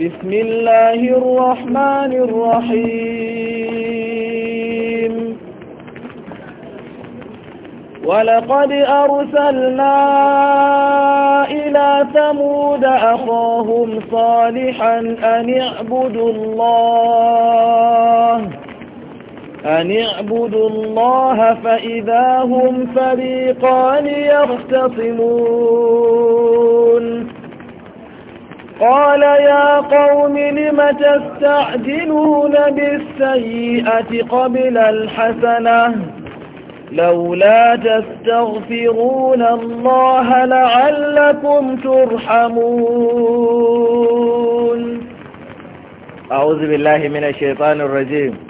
بسم الله الرحمن الرحيم ولقد أرسلنا إلى ثمود أخاهم صالحا أن اعبدوا الله أن اعبدوا الله فإذا هم فريقان يختصمون قال يا قوم لم تستعجلون بالسيئة قبل الحسنة لولا تستغفرون الله لعلكم ترحمون أعوذ بالله من الشيطان الرجيم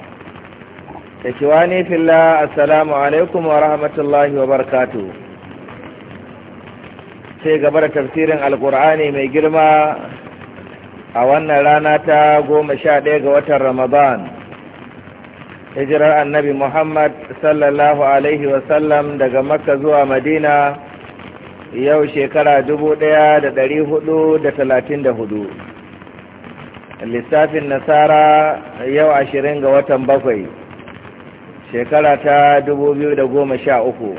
ikhwani fillah assalamu alaikum wa rahmatullahi wa barakatuh sai gaba da tafsirin alkur'ani mai girma a wannan rana ta goma sha ɗaya ga watan ramadan hijirar annabi muhammad sallallahu alaihi wasallam daga makka zuwa madina yau shekara dubu ɗaya da ɗari hudu da talatin da hudu lissafin nasara yau ashirin ga watan bakwai shekara ta dubu biyu da goma sha uku,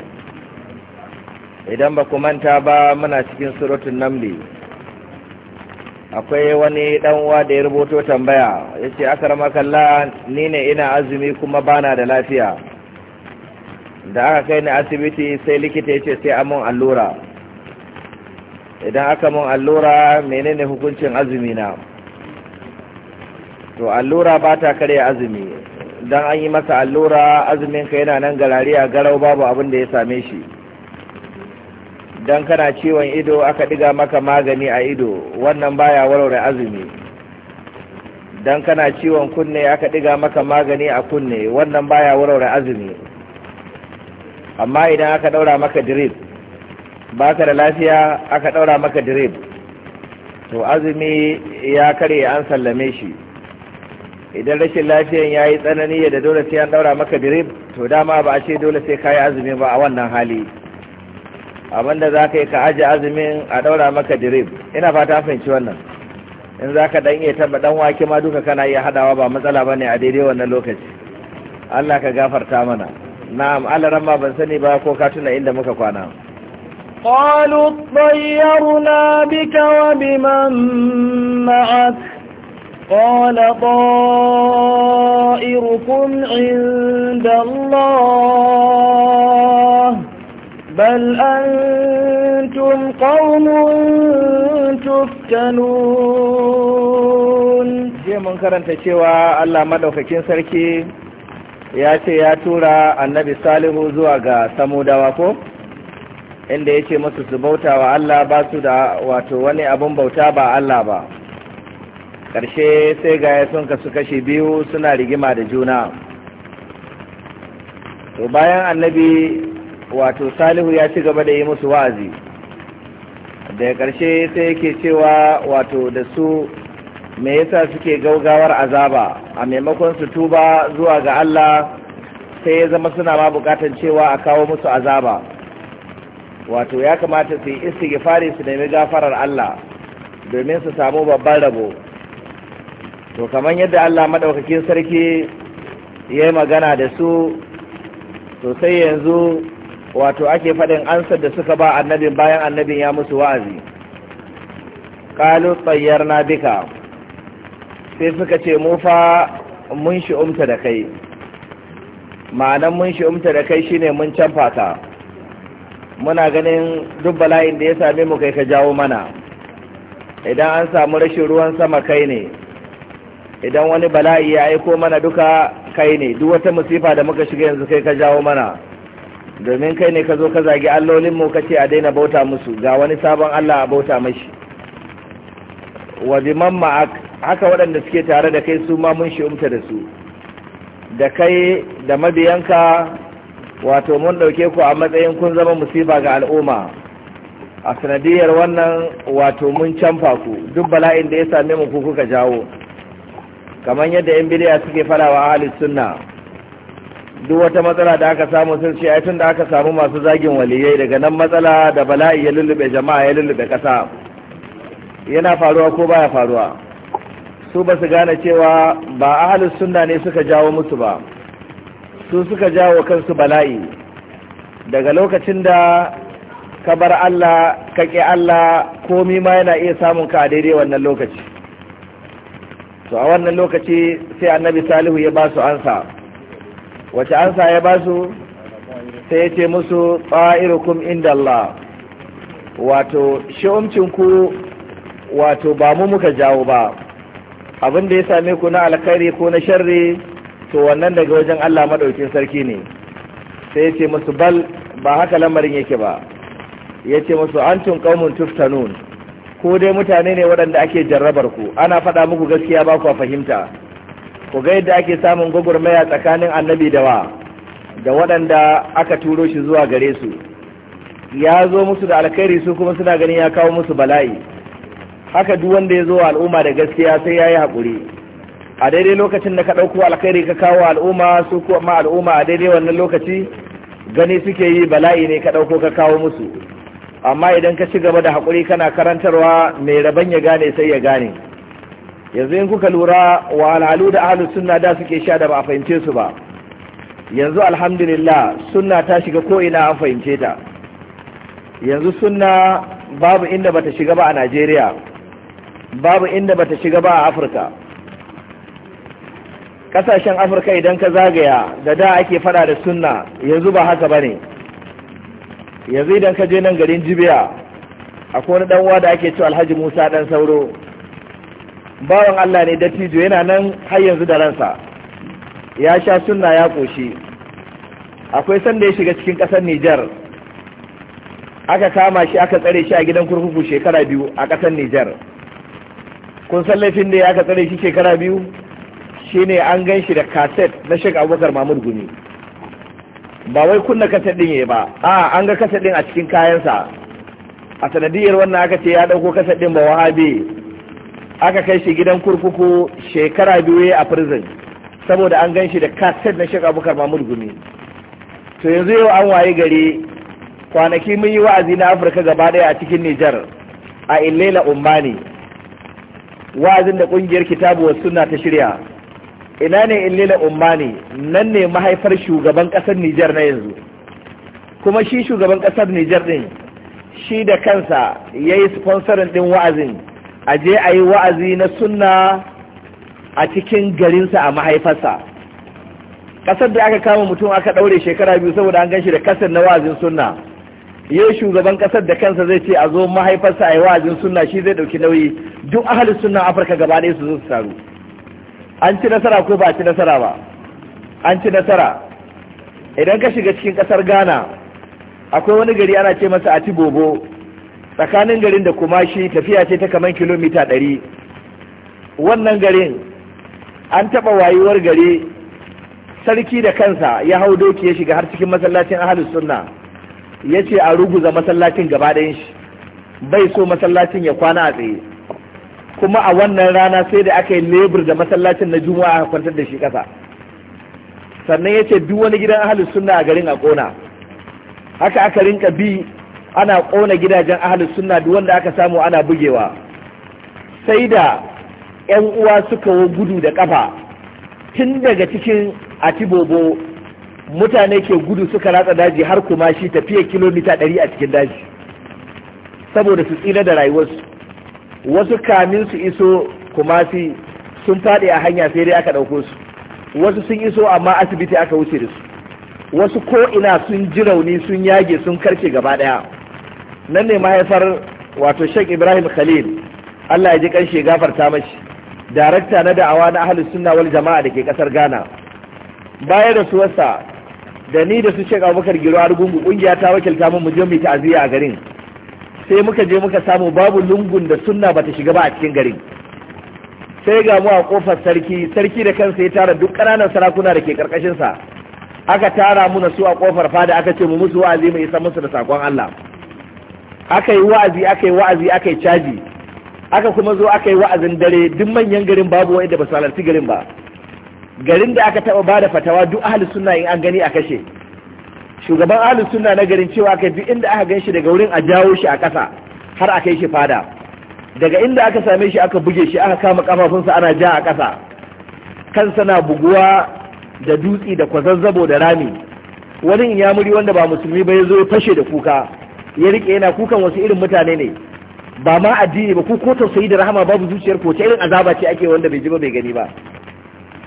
idan ba ku manta ba muna cikin surutun namli akwai wani uwa da ya rubuto tambaya ya ce rama kalla ni ne ina azumi kuma bana da lafiya da aka kai ni asibiti sai likita ya ce sai amin allura idan aka mun allura menene hukuncin azumi na to allura ba ta karya azumi don an yi masa allura azumin ka yana nan garari a garau babu abin da ya same shi don kana ciwon ido aka diga maka magani a ido wannan baya warware azumi don kana ciwon kunne aka diga maka magani a kunne wannan baya warware azumi amma idan aka daura maka drip baka da lafiya aka daura maka drip to azumi ya kare an sallame shi idan rashin lafiyan ya yi tsanani da dole sai an daura maka birib to dama ba a ce dole sai ka yi azumi ba a wannan hali abinda za ka yi ka aji azumin a ɗaura maka direb, ina fata fahimci wannan in za ka dan iya ɗan wake ma duka kana iya haɗawa ba matsala ba ne a daidai wannan lokaci allah ka gafarta mana na'am alaran ma ban sani ba ko ka tuna inda muka kwana قالوا اطيرنا بك وبمن معك قال طائركم عند الله بل أنتم قوم تفتنون je mun karanta cewa Allah maɗaukakin sarki ya ce ya tura annabi salihu zuwa ga samudawa ko inda ya ce musu su bauta wa Allah ba su da wato wani abun bauta ba Allah ba karshe sai ga sun kasu kashi biyu suna rigima da juna to bayan annabi wato salihu ya ci gaba da yi musu wa'azi da ƙarshe sai yake cewa wato da su me yasa suke gaugawar azaba a maimakon su tuba zuwa ga Allah sai ya zama suna ma bukatan cewa a kawo musu azaba wato ya kamata su yi istighfari su nemi gafarar Allah domin su samu babban rabo to kamar yadda Allah madaukakin sarki ya yi magana da su to sai yanzu wato ake faɗin ansar da suka ba annabi, bayan annabin ya musu wa'azi ƙalu tsayyar na bika sai suka ce mu fa mun umta da kai ma'anan mun shi umta da kai shine mun canfa ka muna ganin duk bala'in da ya same mu kai ka jawo mana idan an samu rashin ruwan sama kai ne idan wani bala'i ya aiko mana duka kai ne duk wata musifa da muka shiga yanzu kai ka jawo mana domin kai ne ka zo ka zagi allolinmu ka ce a daina bauta musu ga wani sabon Allah a bauta mashi wa mamma ma'ak haka waɗanda suke tare da kai su ma mun umta da su da kai da mabiyanka wato mun ɗauke ku a matsayin kun zama musifa ga al'umma a sanadiyar wannan wato mun canfa ku duk bala'in da ya same mu ku kuka jawo kamar yadda yan bidiya suke wa ahli sunna duk wata matsala da aka samu sun ce tun da aka samu masu zagin waliyai daga nan matsala da bala'i ya lullube jama'a ya lullube kasa yana faruwa ko baya faruwa su ba su gane cewa ba ahli sunna ne suka jawo musu ba su suka jawo kansu bala'i daga lokacin da ka bar Allah kake Allah komi ma yana iya samun ka a daidai wannan lokaci to a wannan lokaci sai annabi salihu ya ba su ansa wace ansa ya ba su sai ya ce musu tsa'irukum inda Allah wato shi'umcinku wato ba mu muka jawo ba abin da ya same ku na alkhairi ko na sharri to wannan daga wajen Allah madaukin sarki ne sai ya ce musu bal ba haka lamarin yake ba ya ce musu antum qaumun tuftanun ko dai mutane ne waɗanda ake jarrabar ku ana faɗa muku gaskiya ba ku fahimta ku ga yadda ake samun gwagwarmaya tsakanin annabi da wa da waɗanda aka turo shi zuwa gare su ya zo musu da alkhairi su kuma suna ganin ya kawo musu bala'i haka duk wanda ya zo wa al'umma da gaskiya sai ya yi haƙuri a daidai lokacin da ka ɗauko alkhairi ka kawo al'umma su kuma al'umma a daidai wannan lokaci gani suke yi bala'i ne ka ɗauko ka kawo musu amma idan ka ci gaba da haƙuri kana karantarwa mai rabon ya gane sai ya gane yanzu in kuka lura wa alhalu da ahalus suna da suke sha da ba a fahimce su ba yanzu alhamdulillah suna ta shiga ko'ina an fahimce ta yanzu suna babu inda bata shiga ba a Najeriya babu inda bata shiga ba a Afirka kasashen Afirka idan ka zagaya da da ake fada da suna yanzu ba haka ba ne. yanzu idan ka je nan garin jibiya A kone ɗanwa da ake cewa alhaji musa dan sauro bawan allah ne dattijo yana nan har yanzu da ransa ya sha sunna ya koshi. akwai sanda ya shiga cikin kasar nijar aka kama shi aka tsare shi a gidan kurkuku shekara biyu a ƙasar nijar kun san laifin da ya aka tsare shi shekara biyu shine an gan shi da kaset na shek abubakar mahmud gumi ba wai kunna kasadin ya yayi ba a an ga kasadin a cikin kayansa a sanadiyar wannan aka ce ya dauko kasadin ba wahabi aka kai shi gidan kurkuku shekara biyu a prison saboda an gan shi da kaset na Sheikh Abubakar Mahmud Gumi to yanzu yau an waye gari kwanaki mun yi wa'azi na Afirka gaba daya a cikin Nijar a Ilela Umbani wa'azin da kungiyar Kitabu was Sunna ta shirya ina ne in umma ne nan ne mahaifar shugaban kasar Nijar na yanzu kuma shi shugaban kasar Nijar din shi da kansa ya yi sponsorin din wa'azin a je a yi wa'azi na sunna a cikin garinsa a mahaifarsa kasar da aka kama mutum aka ɗaure shekara biyu saboda an ganshi da kasar na wa'azin sunna yau shugaban kasar da kansa zai ce a zo mahaifarsa a yi wa'azin sunna shi zai ɗauki nauyi duk ahalin sunna afirka gaba ɗaya su zo su taru an ci nasara ko ba ci nasara ba an ci nasara idan ka shiga cikin kasar ghana akwai wani gari ana ce masa atibobo tsakanin garin da kumashi tafiya ce ta kaman kilomita ɗari wannan garin an taɓa wayewar gari sarki da kansa ya hau doki ya shiga har cikin masallacin ahalus sunna ya ce a ruguza masallacin gaba ɗayan shi bai so masallacin ya kwana a tsaye kuma a wannan rana sai da aka yi lebur da masallacin na juma'a a kwantar da shi kasa sannan ya ce duk wani gidan ahalus sunna a garin a kona haka aka rinka bi ana kona gidajen ahalus sunna duk wanda aka samu ana bugewa sai da yan uwa suka wo gudu da kafa tun daga cikin atibobo mutane ke gudu suka ratsa daji har kuma shi tafiya kilomita ɗari a cikin daji saboda su tsira da rayuwarsu wasu kamin su iso kumasi sun faɗi a hanya sai dai aka ɗauko su wasu sun iso amma asibiti aka wuce da su wasu ko ina sun ji rauni sun yage sun karce gaba ɗaya nan ne mahaifar wato shek ibrahim khalil allah ya ji kanshi ya ta mashi darakta na da'awa na ahalus sunna wal jama'a da ke kasar ghana baya da su wasa, da ni da su shek abubakar giro argungu ƙungiya ta wakilta mu mu je mu ta'aziyya a garin sai muka je muka samu babu lungun da sunna ta shiga ba a cikin garin sai ga mu a kofar sarki sarki da kansa ya tara duk ƙananan sarakuna da ke karkashin sa aka tara mu na su a kofar fada aka ce mu musu wa'azi mu isa musu da sakon Allah aka yi wa'azi aka yi wa'azi aka yi caji aka kuma zo aka yi wa'azin dare duk manyan garin babu wanda ba su halarci garin ba garin da aka taba bada fatawa duk ahli sunna in an gani a kashe shugaban ahlus sunna na garin cewa kai duk inda aka ganshi daga wurin a jawo shi a ƙasa har a kai shi fada daga inda aka same shi aka buge shi aka kama kafafunsa ana ja a ƙasa kansa na buguwa da dutsi da kwazazzabo da rami wani inyamuri wanda ba musulmi ba ya zo ya fashe da kuka ya rike yana kukan wasu irin mutane ne ba ma addini ba ko ko tausayi da rahama babu zuciyar ko ta irin azaba ce ake wanda bai ji ba bai gani ba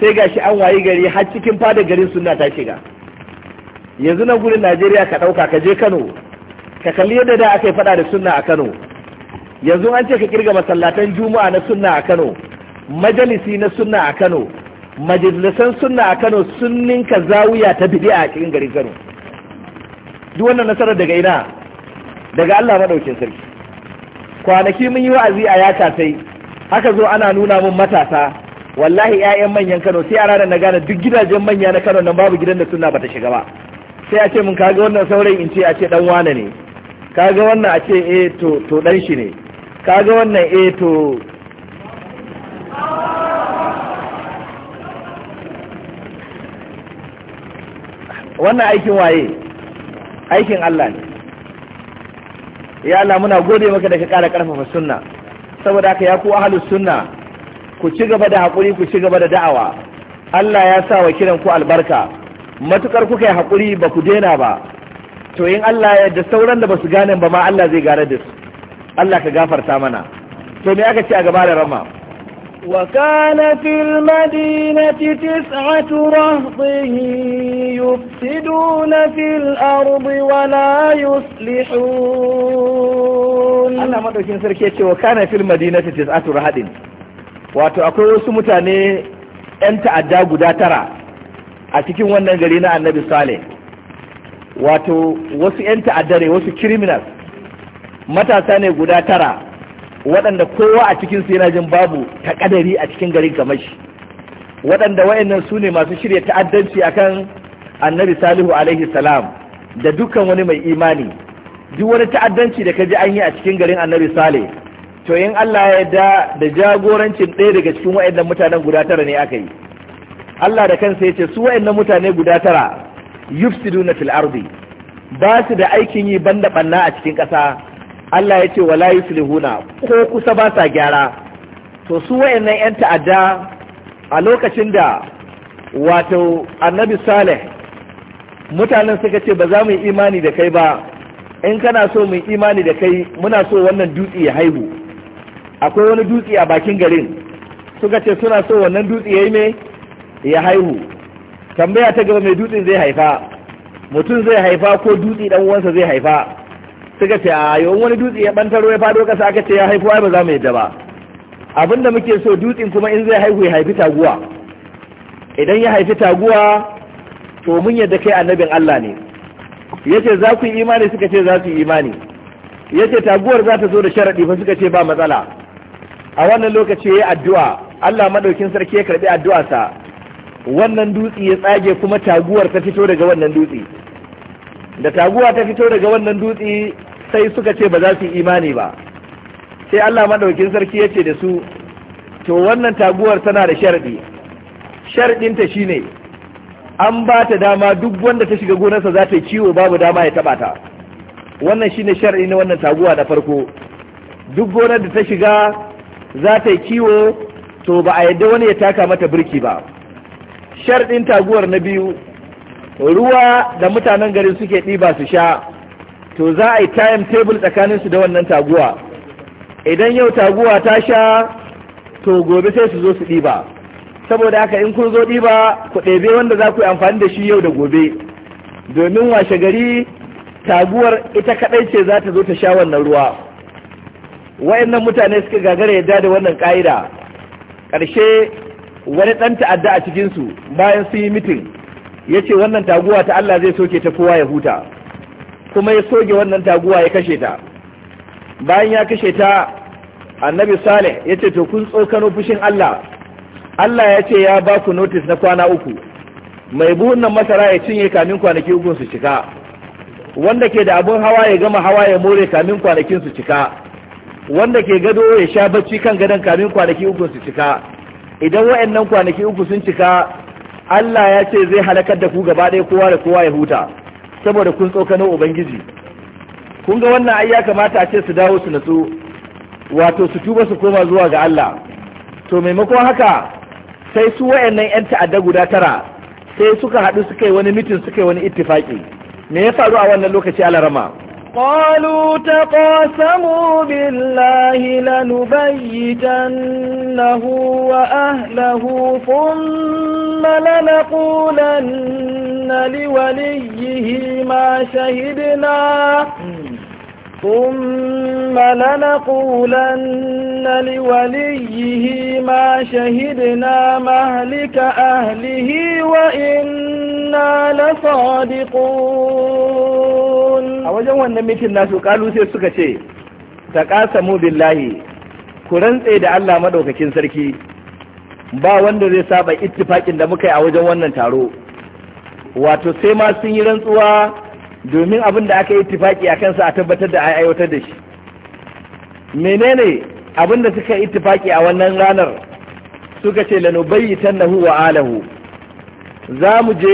sai gashi an wayi gari har cikin fada garin sunna ta shiga yanzu nan gurin Najeriya ka ɗauka ka je Kano ka kalli yadda da aka yi fada da sunna a Kano yanzu an ce ka kirga masallatan juma'a na sunna a Kano majalisi na sunna a Kano majalisan sunna a Kano sun ninka zawiya ta bidi a cikin garin Kano duk wannan nasarar daga ina daga Allah maɗaukin sarki kwanaki mun yi wa'azi a yata sai aka zo ana nuna mun matasa wallahi 'ya'yan manyan Kano sai a ranar na gane duk gidajen manya na Kano nan babu gidan da sunna bata shiga ba sai a ce mun kaga wannan saurayin in ce a ce dan wane ne kaga wannan a ce eh to to dan shi ne kaga wannan eh to wannan aikin waye aikin Allah ne ya Allah muna gode maka da ka ƙara ƙarfafa sunna saboda haka ya ku ahlus sunna ku ci gaba da haƙuri ku ci gaba da da'awa Allah ya sa wa kiran ku albarka matukar kuka yi haƙuri ba ku daina ba to in Allah ya da sauran da ba su gane ba ma Allah zai gane da su Allah ka gafarta mana to me aka ce a gaba da rama وكان في المدينة تسعة رهط يفسدون في الأرض ولا يصلحون أنا ما دوكين سركي وكان في a تسعة haɗin wato akwai wasu mutane 'yan ta'adda guda tara a cikin wannan gari na annabi saleh wato wasu 'yan ta'addare wasu criminals matasa ne guda tara waɗanda kowa a cikin yana jin babu takadari a cikin garin gamashi waɗanda wayannan su ne masu shirya ta'addanci akan annabi salihu alaihi salam da dukkan wani mai imani duk wani ta'addanci da ka ji an yi a cikin garin annabi sale to in Allah ya yarda da jagorancin ɗaya daga cikin wayannan mutanen guda tara ne aka yi Allah da kansa ya ce su wayannan mutane guda tara yufsiduna fil ardi ba su da aikin yi banda banna a cikin ƙasa Allah ya yace wala yuslihuna ko kusa ba sa gyara to su wayannan yan ta'adda a lokacin da wato annabi Saleh, mutanen suka ce ba za mu yi imani da kai ba in kana so mu yi imani da kai muna so wannan dutse ya haihu akwai wani dutse a bakin garin suka ce suna so wannan dutse ya yi mai ya haihu tambaya ta gaba mai dutsen zai haifa mutum zai haifa ko dutse dan uwansa zai haifa suka ce a yawan wani dutse ya bantaro ya fado kasa aka ce ya haifu ai ba za mu yadda ba abinda muke so dutsen kuma in zai haihu ya haifi taguwa idan ya haifi taguwa to mun yadda kai annabin Allah ne yace za ku yi imani suka ce za su yi imani yace taguwar za ta zo da sharadi fa suka ce ba matsala a wannan lokaci yayi addu'a Allah madaukin sarki ya karbi addu'arsa wannan dutse ya tsage kuma taguwar ta fito daga wannan dutse da taguwa ta fito daga wannan dutse sai suka ce ba za su imani ba sai Allah madaukin sarki ya ce da su to wannan taguwar tana da sharɗi sharɗinta shine an ba ta dama duk wanda ta shiga gonarsa za ta yi ciwo babu dama ya taɓa ta wannan shine sharɗi na wannan taguwa da farko duk gonar da ta shiga za ta yi kiwo to ba a yadda wani ya taka mata birki ba sharɗin taguwar na biyu ruwa da mutanen garin suke ɗiba su sha to za a yi time table tsakaninsu da wannan taguwa idan yau taguwa ta sha to gobe sai su zo su ɗiba saboda haka in kun zo ɗiba ku ɗebe wanda za ku yi amfani da shi yau da gobe domin washe gari taguwar ita kaɗai ce za ta zo ta sha wannan ruwa wa'annan mutane suka gagara yadda da wannan ƙa'ida ƙarshe wani ɗan ta'adda a cikinsu bayan sun yi mitin ya ce wannan taguwa ta Allah zai soke ta kowa ya huta kuma ya soge wannan taguwa ya kashe ta bayan ya kashe ta annabi saleh ya ce to kun tsokano fushin Allah Allah ya ce ya ba ku notis na kwana uku mai buhun nan masara ya cinye kamin kwanaki ukun su cika wanda ke da abun hawa ya gama hawa ya more kamin kwanakin su cika wanda ke gado ya sha bacci kan gadon kamin kwanaki ukun su cika idan wayannan kwanaki uku sun cika Allah ya ce zai halakar da ku gaba ɗaya kowa da kowa ya huta saboda kun tsokano ubangiji kun ga wannan ayya ya kamata a ce su dawo su natsu wato su tuba su koma zuwa ga Allah to maimakon haka sai su wayannan yan ta'adda guda tara sai suka haɗu suka yi wani mitin suka yi wani ittifaki me ya faru a wannan lokaci alarama قالوا تقاسموا بالله لنبيتنه وأهله ثم لنقولن لوليه ما شهدنا ثم لنقولن لوليه ما شهدنا مهلك أهله وإنا لصادقون أولا أن ميتين الناس قالوا سيسوك شيء تقاسموا بالله كرنس إيدا الله مدوك كنسركي ba wanda zai saba ittifakin da muka yi a wajen wannan taro wato sai ma sun yi rantsuwa domin abin da aka yi tifaki a kansa a tabbatar da aiwatar da shi menene abin da suka yi tifaki a wannan ranar suka ce bayyitan nahu wa alahu za mu je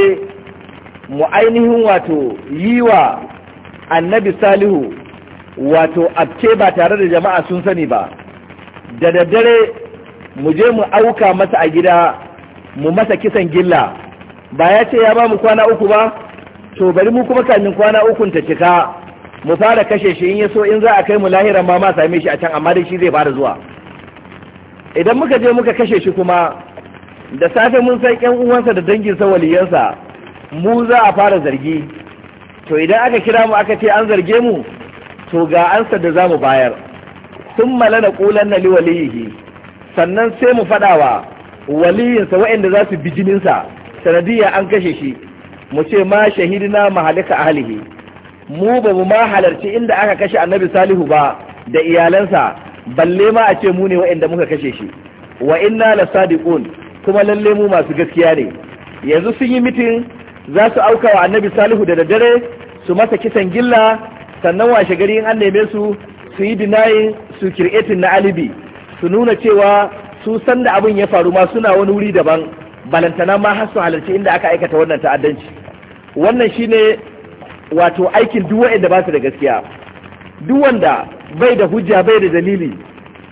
mu ainihin wato yi wa annabi salihu wato Abce ba tare da jama'a sun sani ba da daddare mu je mu auka masa a gida mu masa kisan gilla ba ya ce ya ba mu kwana uku ba to bari mu kuma kanin kwana ukun ta cika mu fara kashe shi in yaso in za a kai mu lahiran ma ma same shi a can amma dai shi zai fara zuwa idan muka je muka kashe shi kuma da safe mun san ƴan uwansa da dangin sa waliyansa mu za a fara zargi to idan aka kira mu aka ce an zarge mu to ga ansa da za mu bayar sun malana na ƙulan na liwaliyihi sannan sai mu faɗawa waliyinsa waɗanda za su bijininsa sanadiyya an kashe shi mu ce ma shahidina mahalika ahlihi mu ba mu ma halarci inda aka kashe annabi salihu ba da iyalansa balle ma a ce mu ne wa'anda muka kashe shi wa inna la sadiqun kuma lalle mu masu gaskiya ne yanzu sun yi mitin za su auka wa annabi salihu da daddare su masa kisan gilla sannan washe gari in an neme su su yi dinayin su kir'etin na alibi su nuna cewa su san da abin ya faru ma suna wani wuri daban balantana ma har su halarci inda aka aikata wannan ta'addanci wannan shine wato aikin duk wa'anda ba su da gaskiya duk wanda bai da hujja bai da dalili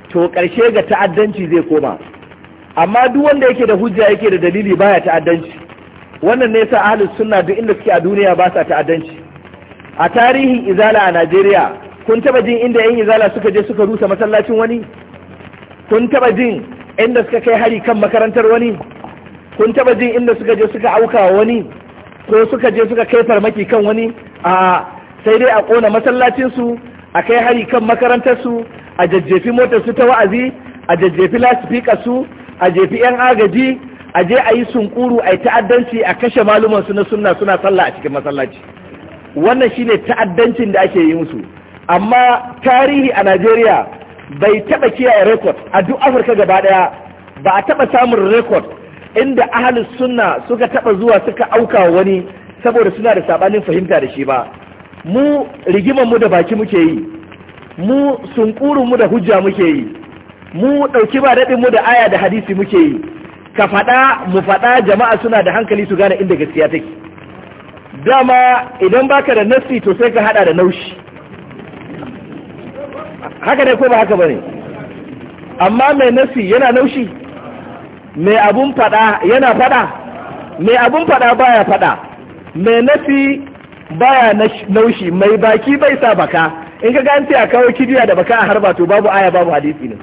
to ƙarshe ga ta'addanci zai koma amma duk wanda yake da hujja yake da dalili baya ta'addanci wannan ne yasa ahlus sunna duk inda suke a duniya ba sa ta'addanci a tarihin izala a Najeriya kun taba jin inda yan izala suka je suka rusa masallacin wani kun taba jin inda suka kai hari kan makarantar wani kun taba jin inda suka je suka auka wani ko suka je suka kai farmaki kan wani a sai dai a kona masallacinsu a kai hari kan makarantarsu a jajjefi motarsu ta wa'azi a jajjefi lasifikarsu a jefi 'yan agaji a je a yi sunkuru a yi ta'addanci a kashe malumansu na sunna suna sallah a cikin masallaci wannan shine ta'addancin da ake yi musu amma tarihi a najeriya bai taɓa kiyaye rekod a duk afirka gaba ɗaya ba a taɓa samun rekod inda ahalus sunna suka taba zuwa suka auka wani saboda suna da sabanin fahimta da shi ba mu rigiman mu da baki muke yi mu sunkurun mu da hujja muke yi mu dauki ba dadin mu da aya da hadisi muke yi ka faɗa mu faɗa jama'a suna da hankali su gane inda gaskiya take dama idan baka da nassi to sai ka hada da naushi haka ne ko ba haka bane amma mai nasi yana naushi mai abun fada yana fada mai abun fada baya fada mai nafi baya naushi mai baki bai sa baka in ka ganti a kawo kidiya da baka a harba to babu aya babu hadisi ne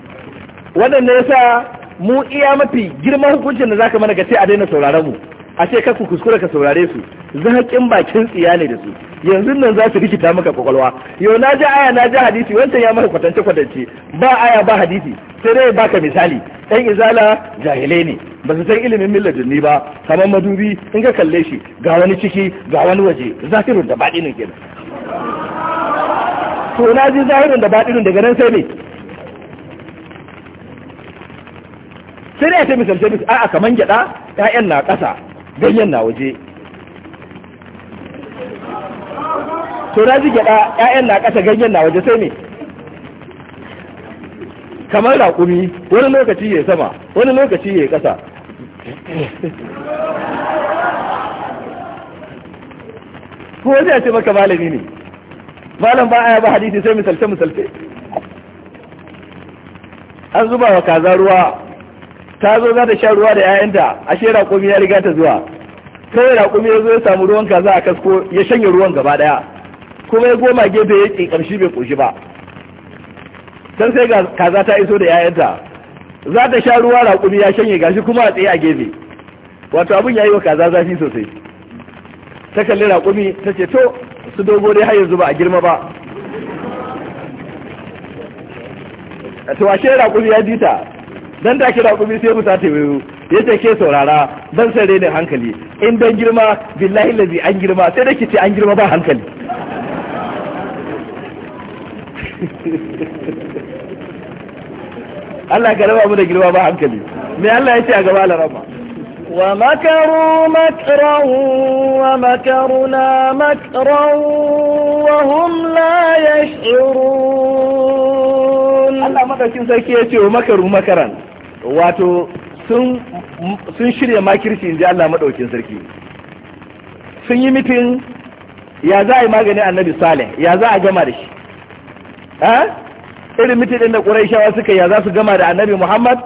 Wannan ne yasa mu iya mafi girman hukuncin da zaka mana ga sai a daina sauraron mu a ce ku kuskure ka saurare su zahaƙin bakin tsiya ne da su yanzu nan za su rikita maka kwakwalwa yau na ji aya na ji hadisi wancan ya maka kwatance kwatance ba aya ba hadisi sai dai baka misali ɗan izala jahilai ne ba su san ilimin milladunni ba kamar madubi in ka kalle shi ga wani ciki ga wani waje zahirun da baɗinin kenan to na ji zahirin da baɗinin daga nan sai ne sai dai ta misalce a a'a kaman gyada ƴaƴan na ƙasa ganyen na waje to na ji gyada ƴaƴan na ƙasa ganyen na waje sai ne kamar raƙumi wani lokaci ya sama wani lokaci ya ƙasa ko wani ya ce maka malami ne malam ba aya ba hadisi sai misalce misalce an zuba wa kaza ruwa ta zo za ta sha ruwa da 'ya'yanta ashe raƙumi ya riga ta zuwa Kawai raƙumi ya zo ya samu ruwan kaza a kasko ya shanye ruwan gaba daya kuma ya goma gefe ya ƙinƙamshi bai ƙoshi ba don sai kaza ta iso da 'ya'yanta za ta sha ruwa raƙumi ya shanye gashi kuma a tsaye a gefe wato abin ya yi wa kaza zafi sosai ta kalli raƙumi ta ce to su dogo dai har yanzu ba a girma ba to ashe raƙumi ya jita dan take kubi sai buta ta wayo yace ke saurara ban san rene hankali in dan girma billahi lazi an girma sai da ce an girma ba hankali Allah ka raba mu da girma ba hankali me Allah yace a gaba larama wa makaruna ومكرنا wa hum la yashurun Allah madakin sai ke ce makaru makaran wato sun shirya makirci inji Allah maɗaukin sarki sun yi mitin ya za a yi a annabi saleh ya za a gama da shi irin mitin ɗin da ƙuraishawa suka ya za su gama da annabi muhammad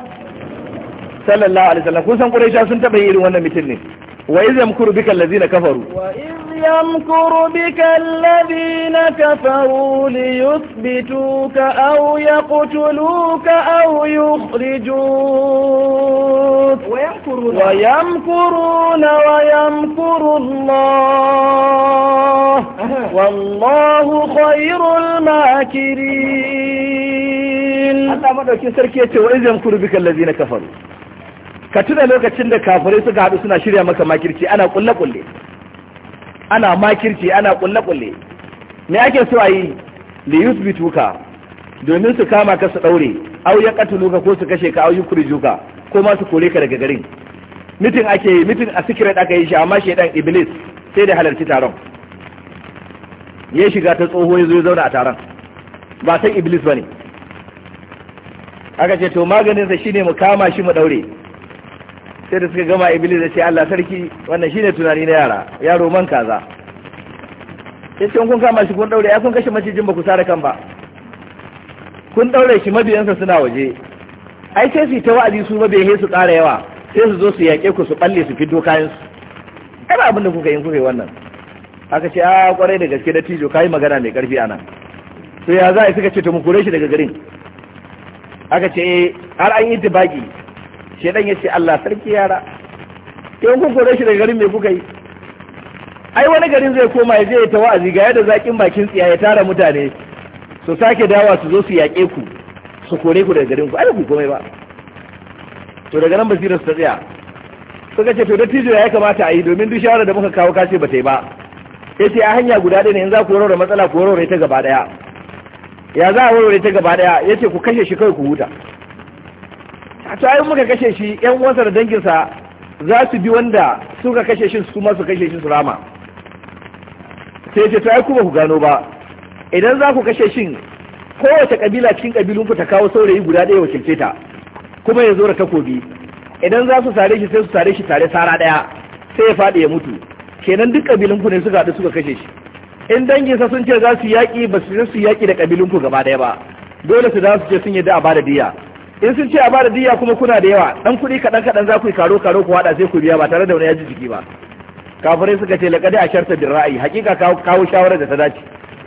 sallallahu alaihi wasallam kun san ƙuraishawa sun taɓa yin irin wannan mitin ne wa izam kuru bika lazina kafaru wa يمكر بك الذين كفروا ليثبتوك أو يقتلوك أو يخرجوك ويمكرون ويمكرون, ويمكر الله والله خير الماكرين الله مدوكي سركيتي وإذ يمكر بك الذين كفروا ka tuna lokacin da kafirai suka haɗu suna shirya maka makirci ana kulle-kulle ana makirci ana kulle-kulle me ake so a yi da yusbituka domin su kama ka su daure, au ya katuluka ko su kashe ka au yi kurjuka ko ma su kore ka daga garin mitin ake yi mitin a sikiret aka yi shi amma shi dan iblis sai da halarci taron ya shiga ta tsoho ya zo ya zauna a taron ba san iblis ba ne aka ce to maganinsa shine mu kama shi mu daure. sai da suka gama iblis da ce Allah sarki wannan shine tunani na yara yaro man kaza yace kun kama shi kun daure ya kun kashe macijin ba ku sare kan ba kun daure shi mabiyansa suna waje ai sai su ta wa'azi su mabiyan su ƙara yawa sai su zo su yaƙe ku su balle su fiddo kayan su ai ba abin da kuka yi kuka yi wannan aka ce a kwarai da gaske da tijo kai magana mai karfi anan to ya za a suka ce to mu kore shi daga garin aka ce eh, har an yi tibaki shedan ya ce Allah sarki yara in kun kore shi daga garin me kuka yi ai wani garin zai koma ya je ya ta wa'azi ga yadda zakin bakin tsiya ya tara mutane su sake dawa su zo su yaƙe ku su kore ku daga garin ku ai ku komai ba to daga nan basirar ta tsaya suka ce to da tijo ya kamata a yi domin duk shawarar da muka kawo kace ba ta yi ba yace a hanya guda ɗaya ne in za ku warware matsala ku warware ta gaba ɗaya ya za a warware ta gaba ɗaya yace ku kashe shi kawai ku huta ta yi muka kashe shi yan uwansa da danginsa za su bi wanda suka kashe shi su kuma su kashe shi su rama sai ce ta yi kuma ku gano ba idan za ku kashe shi kowace kabila cikin kabilunku ta kawo saurayi guda ɗaya wakilce ta kuma ya zo da takobi idan za su sare shi sai su sare shi tare sara ɗaya sai ya faɗi ya mutu kenan duk kabilunku ne suka haɗu suka kashe shi in danginsa sun ce za su yaƙi ba su yaƙi da kabilunku gaba ɗaya ba dole su za su ce sun yadda a bada diya in sun ce a bada diya kuma kuna da yawa dan kuɗi kaɗan kaɗan za ku yi karo karo ku hada sai ku biya ba tare da wani ya ji jiki ba kafirai suka ce laqad a sharta bin ra'ayi hakika kawo shawarar da ta dace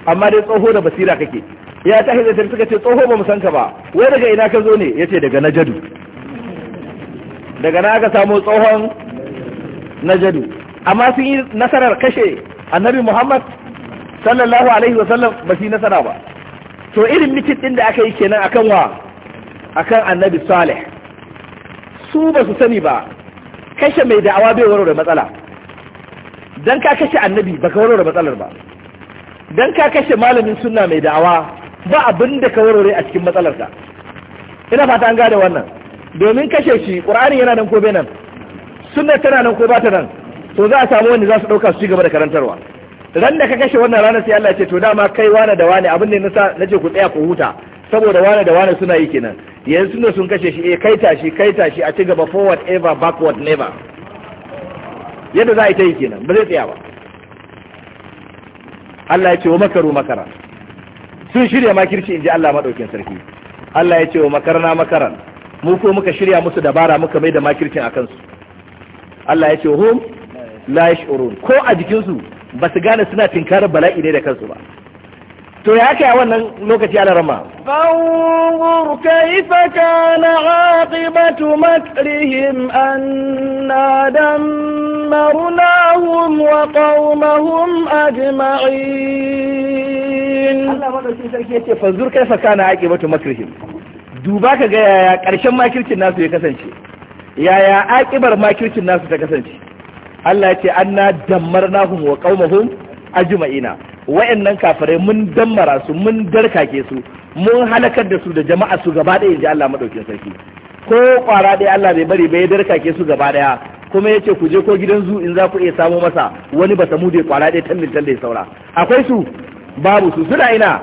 amma dai tsoho da basira kake ya tashi sai suka ce tsoho ba mu san ka ba wai daga ina ka zo ne yace daga najadu daga na aka samu tsohon najadu amma sun yi nasarar kashe annabi muhammad sallallahu alaihi wa ba su nasara ba to irin mitin din da aka yi kenan akan wa akan annabi salih su ba su sani ba kashe mai da'awa bai warware matsala dan ka kashe annabi baka warware matsalar ba dan ka kashe malamin sunna mai da'awa ba abin da ka warware a cikin matsalar ka ina fata an gane wannan domin kashe shi ƙur'ani yana nan ko bai nan sunna tana nan ko ba ta nan to za a samu wani za su dauka su ci gaba da karantarwa ran da ka kashe wannan ranar sai Allah ya ce to dama kai wane da wane abin da na ce ku tsaya ku huta saboda wane da wane suna yi kenan yanzu da sun kashe shi eh kai tashi kai tashi a ci gaba forward ever backward never yadda za a yi ta yi kenan ba zai tsaya ba Allah ya ce wa makaru makara sun shirya makirci in ji Allah maɗaukin sarki Allah ya ce wa makarna makaran mu ko muka shirya musu dabara muka mai da makircin a kansu Allah ya ce hum la yash'urun ko a jikinsu ba su gane suna tinkarar bala'i ne da kansu ba to ya kai a wannan lokaci ala rama fanzur kaifa kana aqibatu makrihim anna dammarnahum wa qaumahum ajma'in Allah madaukin sarki yace fanzur kaifa kana aqibatu makrihim duba ka ga yaya karshen makircin nasu ya kasance yaya akibar makircin nasu ta kasance Allah ya ce anna dammarnahum wa qaumahum ajma'ina wayannan kafirai mun dammara su mun garkake su mun halakar da su da jama'a su gaba ɗaya inji Allah madaukin sarki ko kwara ɗaya Allah bai bari bai darkake su gaba ɗaya kuma yace ku je ko gidan zu in za ku iya samu masa wani ba samu da kwara ɗaya tallin tallin saura akwai su babu su suna ina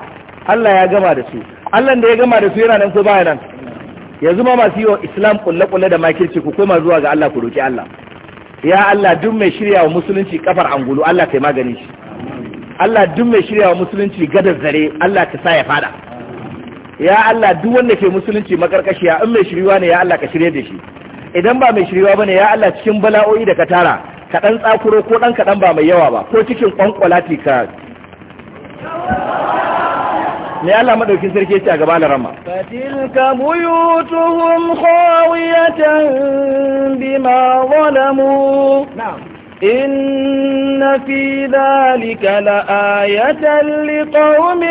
Allah ya gama da su Allah da ya gama da su yana nan ko baya nan yanzu ma masu yi wa Islam kulle-kulle da makirci ku koma zuwa ga Allah ku roki Allah ya Allah duk mai shirya wa musulunci kafar angulu Allah kai magani shi Allah duk mai shirya wa musulunci gadar zare Allah ka sa ya fada ya Allah duk wanda ke musulunci makarkashiya in mai shirya ne ya Allah ka shirye da shi idan ba mai shiryuwa bane ya Allah cikin bala'o'i da ka tara ka dan tsakuro ko dan kadan ba mai yawa ba ko cikin kwankwalati ka ne Allah madaukin sarki yace a gaba da rama fatilka buyutuhum khawiyatan bima zalamu na'am إن في ذلك لآية لقوم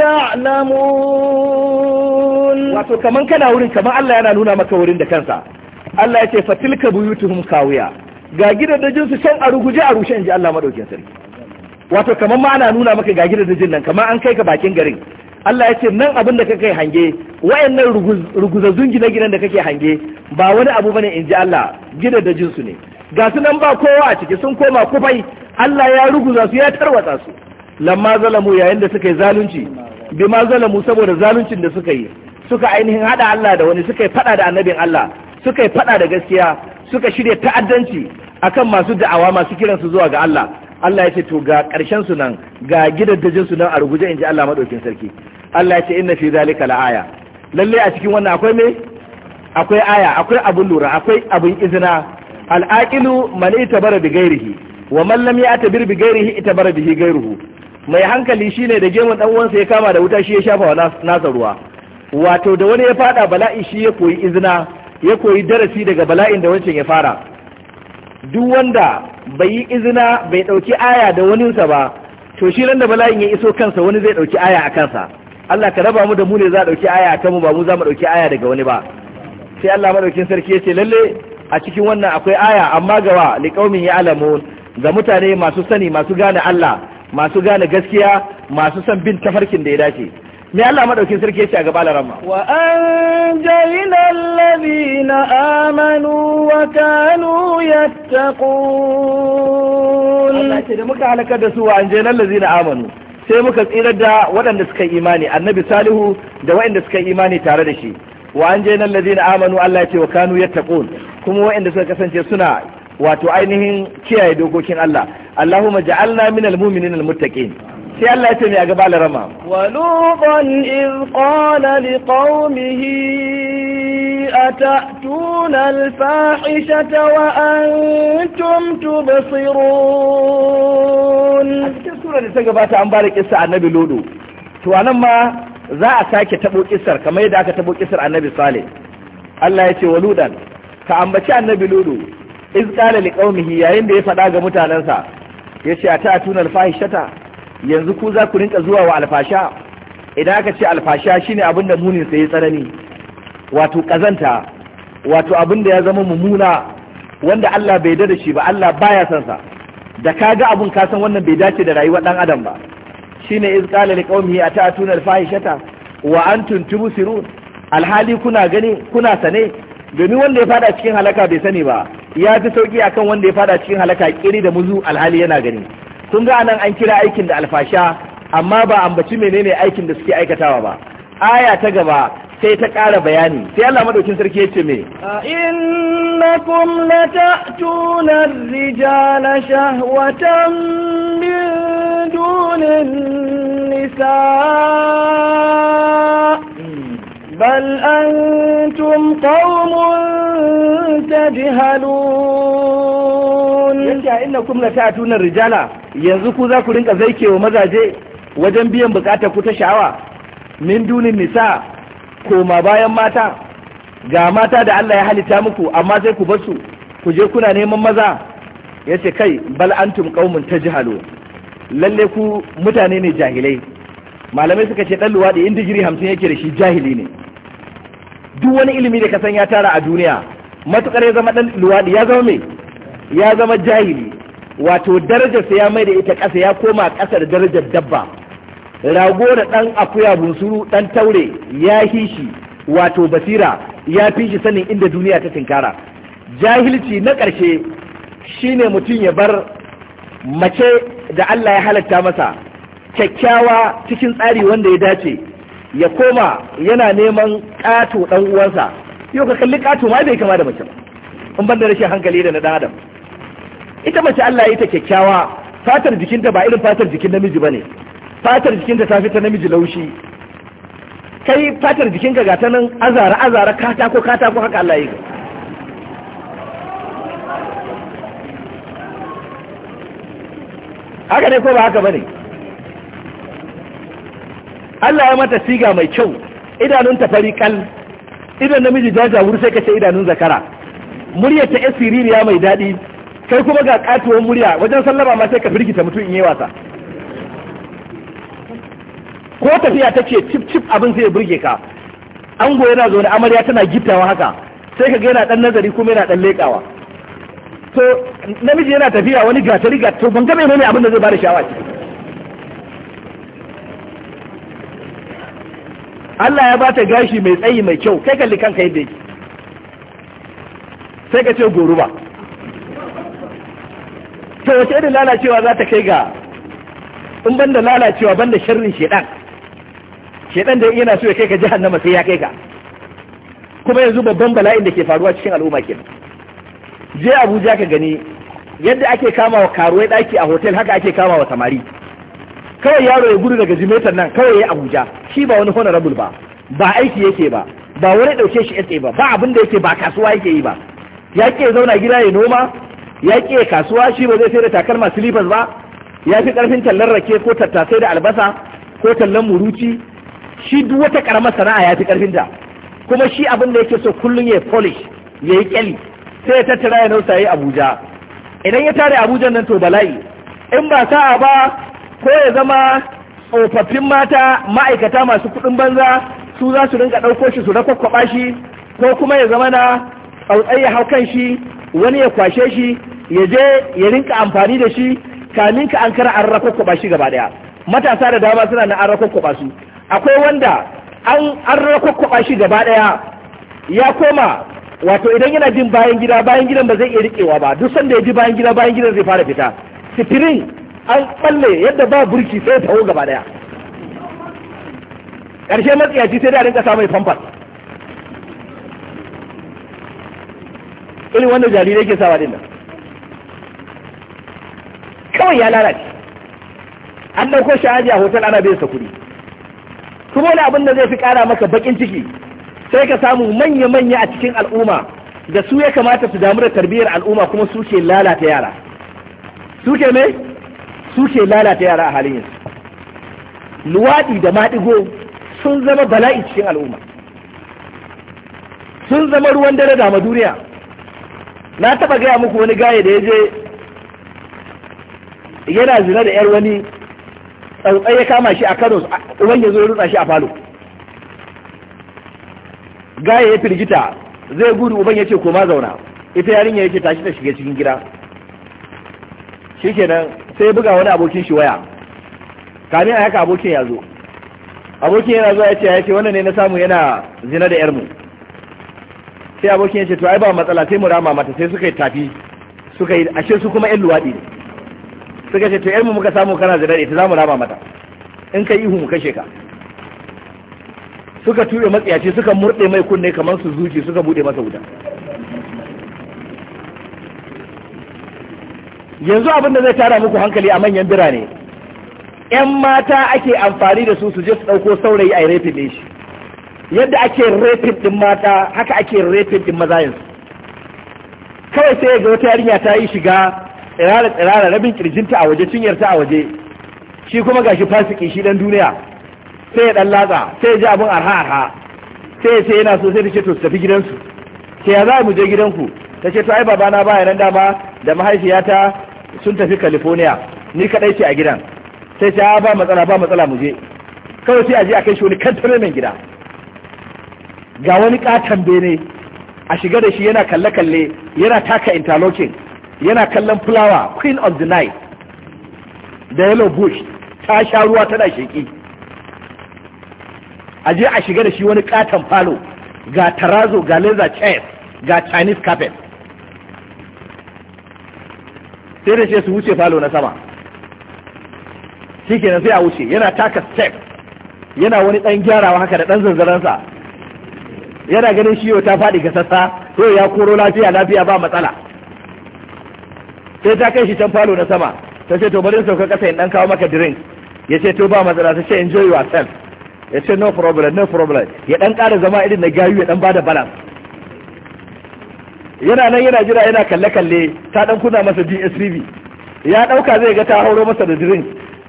يعلمون wato kamar kana wurin kamar Allah yana nuna maka wurin da kansa Allah ya yace fatilka buyutuhum kawuya, ga gidajen su can a ruguje a rushe in ji Allah madaukin sarki wato kamar ma ana nuna maka ga gidajen nan kaman an kai ka bakin garin Allah ya ce nan abin da kake hange wayannan ruguzazzun gine-ginen da kake hange ba wani abu ba ne in ji Allah gida da jinsu ne ga su nan ba kowa a ciki sun koma kufai Allah ya ruguza su ya tarwatsa su lamma zalamu yayin da suka yi zalunci ma zalamu saboda zaluncin da suka yi suka ainihin hada Allah da wani suka yi fada da annabin Allah suka yi fada da gaskiya suka shirya ta'addanci akan masu da'awa masu kiran su zuwa ga Allah Allah ya ce to ga karshen su nan ga gidaddajin su nan a ruguje inji Allah madaukin sarki Allah ya ce inna fi zalika la'aya lalle a cikin wannan akwai me akwai aya akwai abun lura akwai abun izina al'aqilu man itabara bi ghairihi wa man lam ya'tabir bi ita itabara bihi ghairuhu mai hankali shine da gemun dan uwansa ya kama da wuta shi ya shafa wa nasa ruwa wato da wani ya fada bala'i shi ya koyi izina ya koyi darasi daga bala'in da wancan ya fara duk wanda bai yi izina bai dauki aya da waninsa ba to shi ran da bala'in ya iso kansa wani zai dauki aya a kansa Allah ka raba mu da mu ne za a dauki aya a kanmu ba mu za mu dauki aya daga wani ba sai Allah madaukin sarki ya ce lalle a cikin wannan akwai aya amma gawa ya alamu ga mutane masu sani masu gane Allah masu gane gaskiya masu san bin tafarkin da ya dace mai Allah maɗaukin sarki ya ce a gaba larama wa lalabi na amanu wa kanu yattaqun Allah ce da muka halakar da su wa lalabi na amanu sai muka tsirar da waɗanda suka imani annabi salihu da waɗanda suka yi imani tare da shi wa an jaina allazina amanu Allah ya ce wa kanu yattaqun kuma waɗanda suka kasance suna wato ainihin kiyaye dokokin Allah Allahumma ja'alna minal mu'minina almuttaqin sai Allah ya ce mai a gaba larama waluban iz qala liqaumihi atatuna alfahishata wa antum tubsirun a cikin sura da ta gabata an bada kissa annabi lodo to anan ma za a sake tabo kisar kamar yadda aka tabo kisar annabi salih Allah ya ce wa ludan ka ambaci annabi ludu iz qala qaumihi yayin da ya faɗa ga mutanansa yace tunal fahishata yanzu ku za ku rinka zuwa wa alfasha idan aka ce alfasha shine abin da munin sai tsanani wato kazanta wato abin da ya zama mumuna, wanda Allah bai da shi ba Allah baya son sa da kaga abun ka san wannan bai dace da rayuwar dan adam ba shine iz qala liqaumihi atatuna alfahishata wa antum tubsirun alhali kuna gani kuna sane domin wanda ya fada cikin halaka bai sani ba ya fi sauki akan wanda ya fada cikin halaka kiri da muzu alhali yana gani kun ga anan an kira aikin da alfasha amma ba ambaci menene aikin da suke aikatawa ba aya ta gaba sai ta ƙara bayani sai Allah madaukin sarki ya ce me innakum lata'tuna ar-rijala shahwatan min dunin nisa hmm. bal antum qaumun tajhalun yace innakum lata'tuna ar-rijala yanzu ku za ku rinka zaikewa mazaje wajen biyan bukatar ku ta sha'awa min dunin nisa koma bayan mata ga mata da Allah ya halitta muku amma sai ku basu ku je kuna neman maza ya ce kai bal antum qaumun tajhalu lalle ku mutane ne jahilai malamai suka ce dan luwadi in digiri 50 yake da shi jahili ne duk wani ilimi da ka san ya tara a duniya matukar ya zama dan luwadi ya zama me ya zama jahili wato darajarsa ya mai da ita kasa ya koma da darajar dabba rago da ɗan akuya bunsuru ɗan taure ya fi shi wato basira ya fi shi sanin inda duniya ta tinkara jahilci na ƙarshe ne mutum ya bar mace da Allah ya halatta masa kyakkyawa cikin tsari wanda ya dace ya koma yana neman ƙato ɗan uwansa yau ka kalli ƙato ma bai kama da mace in ban da rashin hankali da na ɗan adam ita mace Allah ya yi ta kyakkyawa fatar jikinta ba irin fatar jikin namiji ba ne fatar jikinta ta fi ta namiji laushi kai fatar jikinka ga ta nan azara azara katako katako haka Allah ya haka ne ko ba haka bane Allah ya mata siga mai kyau idanun ta fari kal idan namiji jajawur sai kace idanun zakara muryar ta asiririya mai dadi kai kuma ga katuwar murya wajen sallama ma sai ka firgita mutum in yi wasa ko tafiya ce cip cip abin zai burge ka goya na zaune amarya tana gittawa haka sai ka ga dan nazari kuma yana dan lekawa to namiji yana tafiya wani gatari ga to ban ga menene abin da zai bada shawa Allah ya bata gashi mai tsayi mai kyau kai kalli kanka yadda yake sai ka ce goruba to wace irin lalacewa za ta kai ga in ban da lalacewa ban da sharrin shedan shedan da yana so ya kai ka jahannama sai ya kai ka kuma yanzu babban bala'in da ke faruwa cikin al'umma kenan je Abuja ka gani yadda ake kama wa karuwai daki a hotel haka ake kama wa samari kawai yaro ya gudu daga jimetar nan kawai ya Abuja shi ba wani honorable ba ba aiki yake ba ba wani ɗauke shi SA ba ba abin da yake ba kasuwa yake yi ba ya ke zauna gida ya noma ya ke kasuwa shi ba zai sai da takalma slippers ba ya fi karfin tallar rake ko tattasai da albasa ko tallan muruci shi duk wata karamar sana'a ya fi karfin ta kuma shi abin da yake so kullum ya polish ya yi kyali sai ya tattara ya nausa ya abuja idan ya tare abuja nan to bala'i in ba sa'a ba ko ya zama tsofaffin mata ma'aikata masu kuɗin banza su za su rinka ɗauko shi su rakwakwaba shi ko kuma ya zama na tsautsai ya hau kan shi wani ya kwashe shi ya je ya rinka amfani da shi kamin ka an kara an rakwakwaba shi gaba ɗaya matasa da dama suna na an rakwakwaba su akwai wanda an an shi gaba daya ya koma wato idan yana jin bayan gida bayan gidan ba zai iya rikewa ba duk sanda ya ji bayan gida bayan gidan zai fara fita sifirin an balle yadda ba burki sai ya tawo gaba daya ƙarshe matsiyaci sai da rinka samun famfas irin wanda jarirai ke sawa dinnan kawai ya lalace an ɗauko shi a hoton ana bai sa kuɗi kuma wani abin da zai fi kara maka bakin ciki sai ka samu manya-manya a cikin al'umma da su ya kamata su damu da tarbiyyar al'umma kuma su ke lalata yara su ke me su ke lalata yara a halin yanzu luwaɗi da maɗigo sun zama bala'i cikin al'umma sun zama ruwan dare da duniya na taɓa gaya muku wani gaye da ya je yana zina da 'yar wani tsautsai ya kama shi a kano uban ya zo rutsa shi a falo gaya ya firgita zai gudu uban ya ce koma zauna ita yarinya yake tashi ta shiga cikin gida shikenan sai ya buga wani abokin shi waya kamin a yaka abokin ya zo abokin yana zuwa ya ce ya ce wannan ne na samu yana zina da yarmu sai abokin ya ce to ai ba matsala sai mu rama mata sai suka yi tafi suka yi ashe su kuma yan luwaɗi ne suka ce to mu muka samu kana zina da ita za mu rama mata in ka ihu mu kashe ka suka ture matsiyaci suka murɗe mai kunne kamar su zuci suka buɗe masa wuta yanzu abin da zai tara muku hankali a manyan birane yan mata ake amfani da su su je su ɗauko saurayi a rafin ne shi yadda ake rafin ɗin mata haka ake rafin ɗin maza yanzu kawai sai ga wata yarinya ta yi shiga tsirara tsirara rabin kirjinta a waje cinyarta a waje shi kuma gashi fasiki shi dan duniya sai ya dan latsa sai ya ji abun arha arha sai ya ce yana so sai da ce to tafi gidansu sai ya za mu je gidanku ta ce to ai babana baya nan dama da mahaifiyata sun tafi california ni kadai ce a gidan sai ta ah, ba matsala ba matsala mu je kawai sai a je a kai shi wani kantar mai gida ga wani katan bene a shiga da shi yana kalle-kalle yana taka interlocking yana kallon fulawa queen of the night da yellow bush ta sha ruwa tana sheki a je a shiga da shi wani katon falo ga tarazo ga laser chairs ga chinese carpet sai da shi su wuce falo na sama shi kenan sai a wuce yana taka step yana wani dan gyarawa haka da dan zanzaransa yana ganin shi ta faɗi ga sassa to ya koro lafiya lafiya ba matsala sai ta kai shi can falo na sama ta ce to bari in sauka kasa in dan kawo maka drink ya ce to ba matsala ta ce enjoy yourself ya ce no problem no problem ya dan kara zama irin na gayu ya dan bada balance yana nan yana jira yana kalle kalle ta dan kuna masa DSTV ya dauka zai ga ta hauro masa da drink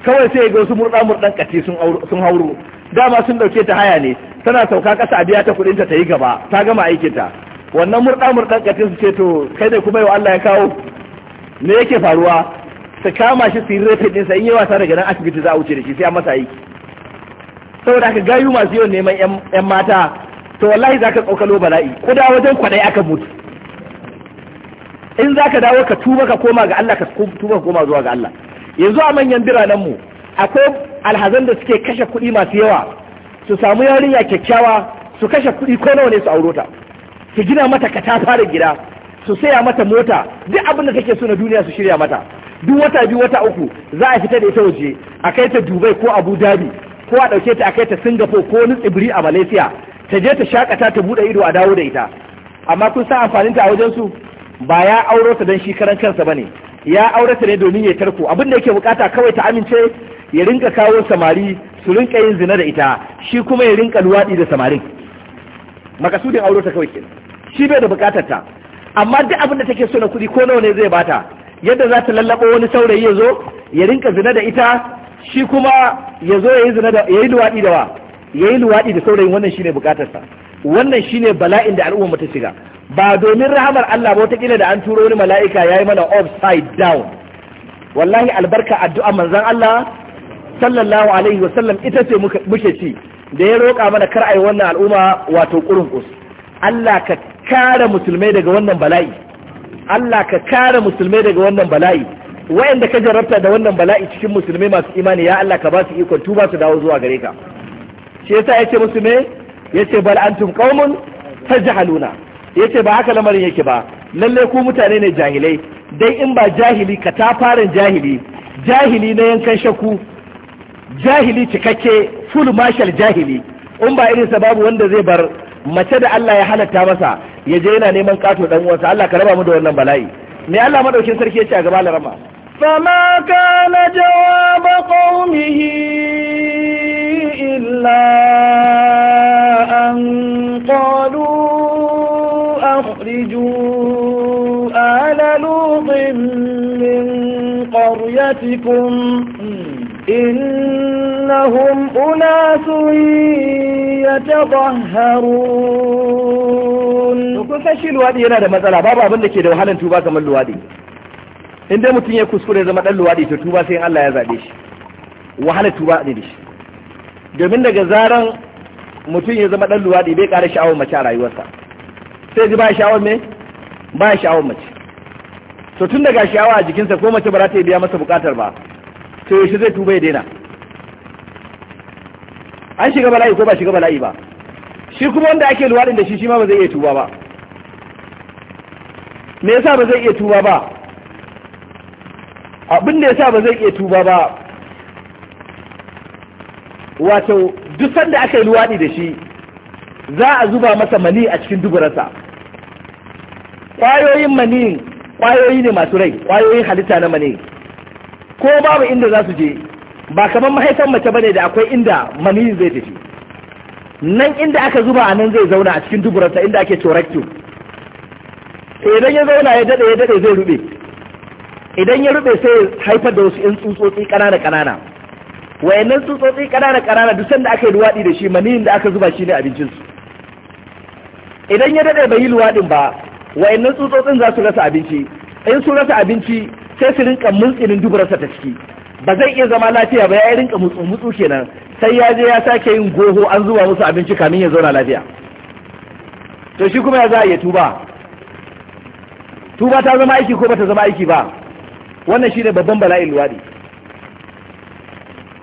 kawai sai ya ga wasu murda murdan kati sun sun hauro dama sun dauke ta haya ne tana sauka kasa a biya ta kudin ta ta yi gaba ta gama aikin ta wannan murda murdan kace su ce to kai ne kuma yau Allah ya kawo me yake faruwa su kama shi su yi rafin ɗinsa in yi wasa daga nan asibiti za a wuce da shi sai a masa aiki saboda aka gayu masu yawan neman yan mata to wallahi za ka tsokalo bala'i ko da wajen kwaɗai aka mutu in za ka dawo ka tuba ka koma ga Allah ka tuba ka koma zuwa ga Allah yanzu a manyan biranenmu akwai alhazan da suke kashe kuɗi masu yawa su samu yarinya kyakkyawa su kashe kuɗi ko nawa ne su auro ta su gina mata katafa da gida su saya mata mota duk abin da kake so na duniya su shirya mata duk wata biyu wata uku za a fita da ita waje a kai ta dubai ko abu dhabi ko a ɗauke ta a kai ta singapore ko wani tsibiri a malaysia ta je ta shakata ta bude ido a dawo da ita amma kun san amfanin ta a wajen su ba ya auro ta don shi karan kansa bane ya aure ta ne domin ya tarko abin da yake bukata kawai ta amince ya rinka kawo samari su rinka yin zina da ita shi kuma ya rinka luwaɗi da samarin makasudin aure ta kawai kenan shi bai da bukatar ta amma duk abin da take so na kuɗi ko nawa ne zai bata yadda za ta lallabo wani saurayi ya zo ya rinka zina da ita shi kuma ya zo ya yi zina da ya yi luwaɗi da wa ya yi luwaɗi da saurayin wannan shine bukatarsa wannan shine bala'in da al'umma ta shiga ba domin rahamar Allah ba wataƙila da an turo wani mala'ika ya yi mana upside down wallahi albarka addu'a manzan Allah sallallahu alaihi wa sallam ita ce muke ci da ya roƙa mana kar a yi wannan al'umma wato ƙurin Allah ka kare musulmai daga wannan bala'i Allah ka kare musulmai daga wannan bala'i wayanda ka jarabta da wannan bala'i cikin musulmai masu imani ya Allah ka ba su ikon tuba su dawo zuwa gare ka shi yasa yace musu me yace bal antum qaumun tajhaluna yace ba haka lamarin yake ba lalle ku mutane ne jahilai dai in ba jahili ka ta fara jahili jahili na yankan shaku jahili cikakke full marshal jahili in ba sa babu wanda zai bar mace da Allah ya halatta masa ya je yana neman kato dan uwansa Allah ka raba mu da wannan bala'i me Allah madaukin sarki ya ce a gaba larama فما kana جواب qaumihi illa an qalu akhriju ala لوط min qaryatikum hmm. إنهم أناس يتطهرون kun san shi luwaɗi yana da matsala babu abin da ke da wahalan tuba kamar luwaɗi in dai mutum ya kuskure zama ɗan luwaɗi to tuba sai Allah ya zaɓe shi wahalar tuba ne da shi domin daga zaran mutum ya zama ɗan luwaɗi bai ƙara sha'awar mace a rayuwarsa sai ji ba sha'awar me ba sha'awar mace to tun daga sha'awa a jikinsa ko mace ba za ta biya masa buƙatar ba to yaushe zai tuba ya daina an shiga bala'i ko ba shiga bala'i ba shi kuma wanda ake luwaɗin da shi shi ma ba zai iya tuba ba me yasa ba zai iya tuba ba abin da yasa ba zai iya tuba ba wato duk sanda aka yi luwaɗi da shi za a zuba masa mani a cikin duburarsa ƙwayoyin mani ƙwayoyi ne masu rai ƙwayoyin halitta na mani ko babu inda za su je ba kamar mahaifan mace bane da akwai inda maniyin zai tafi nan inda aka zuba a nan zai zauna a cikin duburarsa inda ake corakto idan ya zauna ya dade ya dade zai rube idan ya rube sai haifar da wasu yan tsutsotsi kanana kanana wayannan tsutsotsi kanana kanana duk sanda aka yi luwaɗi da shi maniyin da aka zuba shi ne abincinsu idan ya dade bai yi luwaɗin ba wayannan tsutsotsin za su rasa abinci in su rasa abinci sai su rinka muntsinin dubarsa ta ciki ba zai iya zama lafiya ba ya rinka mutsu mutsu kenan sai ya je ya sake yin goho an zuba musu abinci kamin ya zauna lafiya to shi kuma ya za a yi tuba tuba ta zama aiki ko ba ta zama aiki ba wannan shi ne babban bala'in luwadi